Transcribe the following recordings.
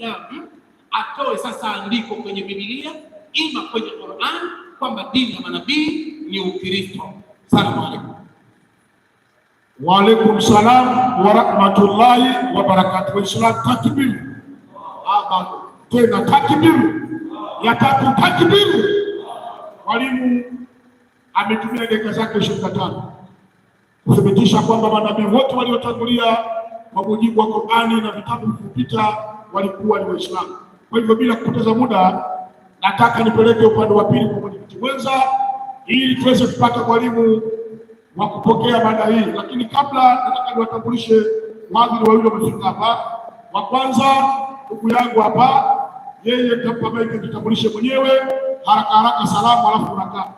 Uislamu atoe sasa andiko kwenye Biblia ima kwenye Qur'an kwamba dini ya manabii ni Ukristo. Salamu alaykum. Wa alaykum salam wa rahmatullahi wa barakatuh. Waislamu, takbir! Tena takbir ya tatu, takbir! Mwalimu ametumia dakika zake 25 tano kuthibitisha kwamba manabii wote waliotangulia kwa mujibu wa Qur'ani na vitabu vilivyopita walikuwa ni Waislamu. Kwa hivyo bila kupoteza muda, nataka nipeleke upande wa pili kwa mwenyekiti mwenza ili tuweze kupata mwalimu wa kupokea mada hii, lakini kabla nataka niwatambulishe wageni wawili wamefika hapa. Wa kwanza ndugu yangu hapa, yeye tampa maiki tutambulishe mwenyewe haraka haraka, salamu alafu unakaa.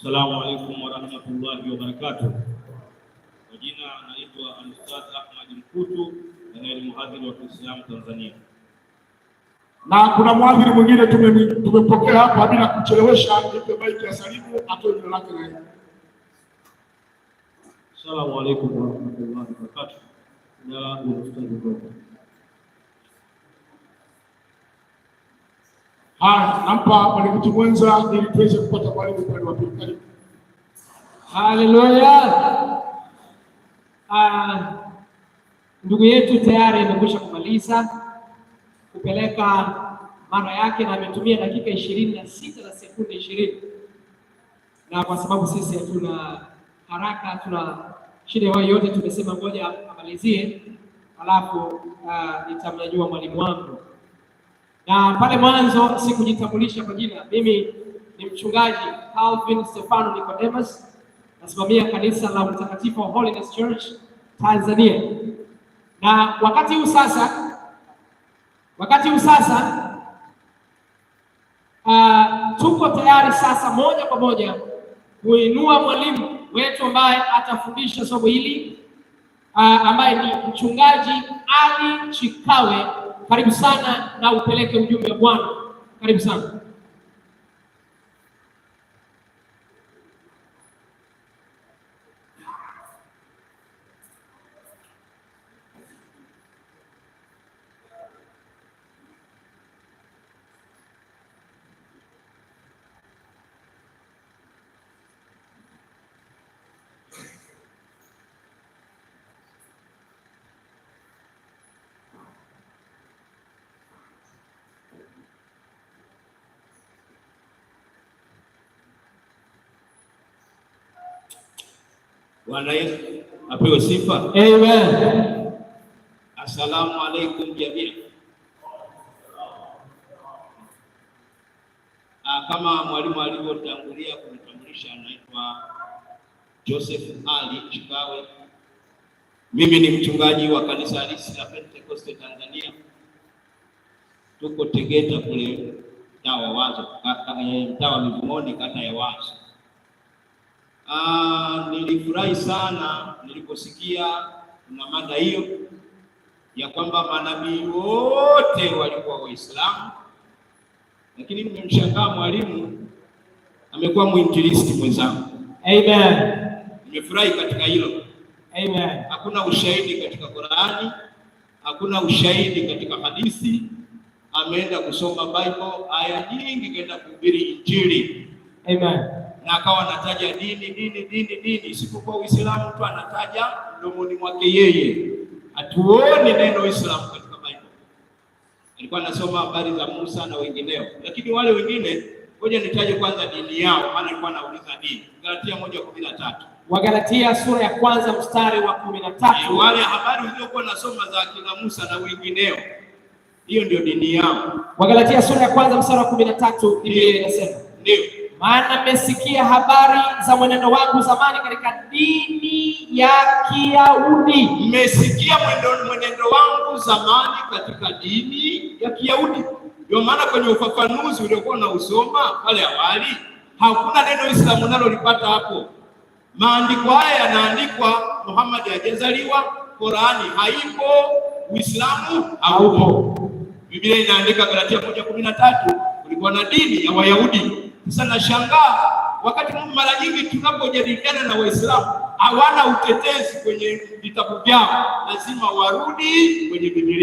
Assalamu alaikum warahmatullahi wabarakatuh. Kwa jina anaitwa Ustadh Ahmad Mkutu naye ni wa Kiislamu Tanzania. Na kuna mhadhiri mwingine tumepokea hapa bila kuchelewesha, ipe maiki ya salimu atoe jina lake na yeye. Asalamu alaykum wa rahmatullahi wa barakatuh. Na Ha, nampa mwenyekiti mwenza ili tuweze kupata mwalimu upande wa pili. Karibu. Hallelujah. Ah, Ndugu yetu tayari amekwisha kumaliza kupeleka mara yake na ametumia dakika ishirini na sita na sekunde ishirini na kwa sababu sisi hatuna haraka, tuna shida yao yote, tumesema ngoja amalizie, alafu uh, mwalimu wangu. Na pale mwanzo sikujitambulisha kwa jina, mimi ni mchungaji Calvin Stefano Nicodemus, nasimamia kanisa la Mtakatifu wa Holiness Church Tanzania na wakati huu sasa, wakati huu sasa uh, tuko tayari sasa moja kwa moja kuinua mwalimu wetu ambaye atafundisha somo hili uh, ambaye ni mchungaji Ali Chikawe. Karibu sana na upeleke ujumbe wa Bwana. Karibu sana. Bwana Yesu apewe sifa. Amen. Asalamu alaikum jamii. Ah, kama mwalimu alivyotangulia kumtambulisha, anaitwa Joseph Ali Chikawe. Mimi ni mchungaji wa kanisa halisi la Pentekoste Tanzania, tuko Tegeta kule mtaa wa Wazo, eh, mtaa wa Mivumoni, kata ya Wazo. Uh, nilifurahi sana niliposikia na mada hiyo ya kwamba manabii wote walikuwa Waislamu, lakini nimemshangaa mwalimu amekuwa mwinjilisti mwenzangu. Amen. Nimefurahi katika hilo. Amen. Hakuna ushahidi katika Qurani, hakuna ushahidi katika hadithi. Ameenda kusoma Bible aya nyingi, kaenda kuhubiri Injili. Amen na akawa anataja dini dini dini dini, isipokuwa Uislamu tu anataja mdomoni mwake yeye, hatuoni neno Uislamu katika Bible. Alikuwa anasoma habari za Musa na wengineo, lakini wale wengine, ngoja nitaje kwanza dini yao, maana alikuwa anauliza dini. Galatia moja kumi na tatu Wagalatia sura ya kwanza mstari wa kumi na tatu wale habari uliokuwa nasoma za kina Musa na wengineo, hiyo ndio dini yao. Wagalatia sura ya kwanza mstari wa kumi na tatu Biblia inasema ndio maana mmesikia habari za mwenendo wangu zamani katika dini ya Kiyahudi. Mmesikia mwenendo wangu zamani katika dini ya Kiyahudi. Ndio maana kwenye ufafanuzi uliokuwa na usoma pale awali, hakuna neno Islamu nalolipata hapo. Maandiko haya yanaandikwa, Muhammad hajazaliwa, Qurani haipo, Uislamu haupo. Biblia inaandika Galatia moja kumi na tatu, kulikuwa na dini ya Wayahudi Sanashangaa wakati mara nyingi tunapojadiliana na Waislamu hawana utetezi kwenye vitabu vyao, lazima warudi kwenye Biblia.